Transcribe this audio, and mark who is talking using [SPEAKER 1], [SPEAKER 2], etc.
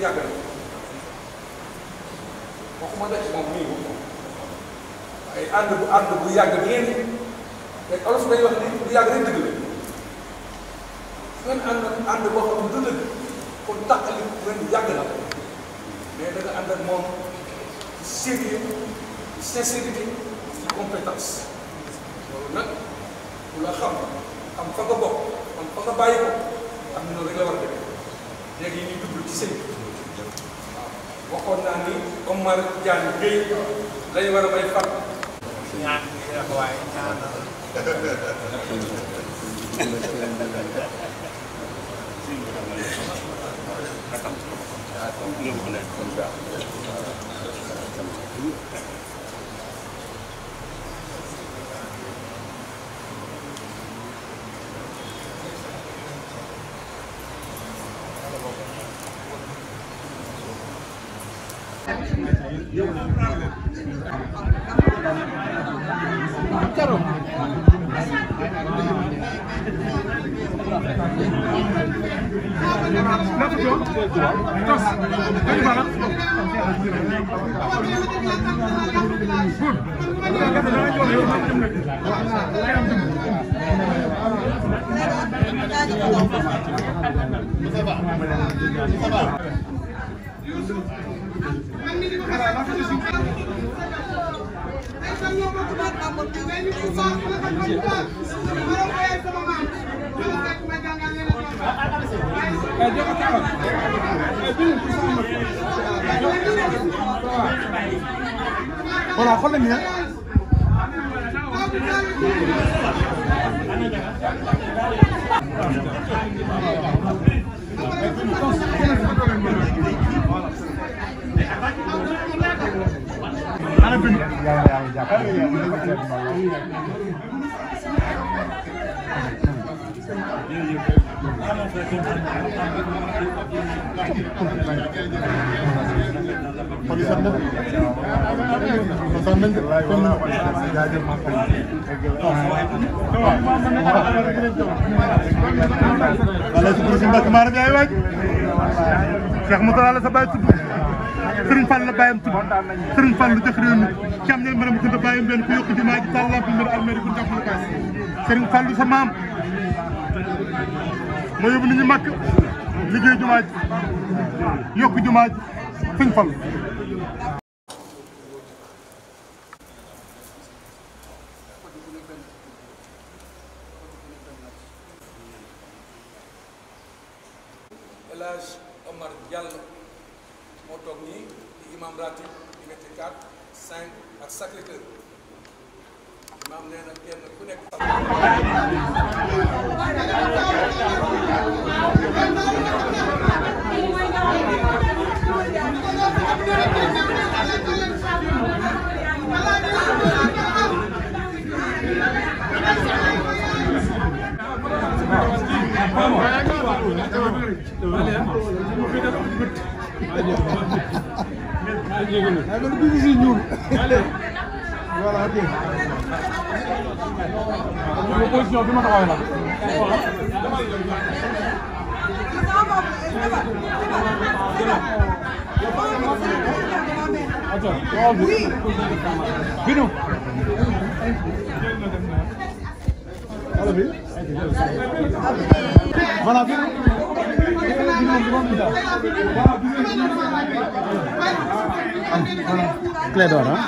[SPEAKER 1] yàgg na waxuma dëkk moom nii moom waaye ànd bu ànd bu yàgg bi ngeen te olof day wax ni bu yàgg rek dëgg la ngeen ànd ànd boo xam ne du dëgg kon tàqali ren yàgg na mais da nga ànd ak moom sérieux sincérité ci compétence loolu nag ku xam am fa am fa nga am na rek la war a demee léegi ñu jublu ci sëñ waxoon naa ni Omar Diagne Gueye lañu war a may fat ñaan gi la ko waaye ñaanal Thank you. Yusuf mais ñu ngi fàq la ko ñu daal ma doon fayal sama maam ma doon fekk ma jàngal leen ak ma. voilà xool nañu ne. yàlla na yàlla jàppale ñu ngi leen di seetlu lool. kon sant Serigne Fall la bàyyam tudd Serigne Fall lu def réew mi cam ne maram ko bàyyam leen ku yokk jumaa ji tàllal bi mbiru almeri bu def lu kaas Serigne Fall sa maam moo yóbbu nit ñi màkk liggéey jumaa ji yokk jumaa ji Serigne Fall El Hadj Omar Diallo moo toog nii di imam ratib diggante 4 5 ak Sacré Cœur imaam nee na kenn ku nekk voilà ok. position bi ma taxawee la. Binu. Voilà Binu. Clé d'or, hein?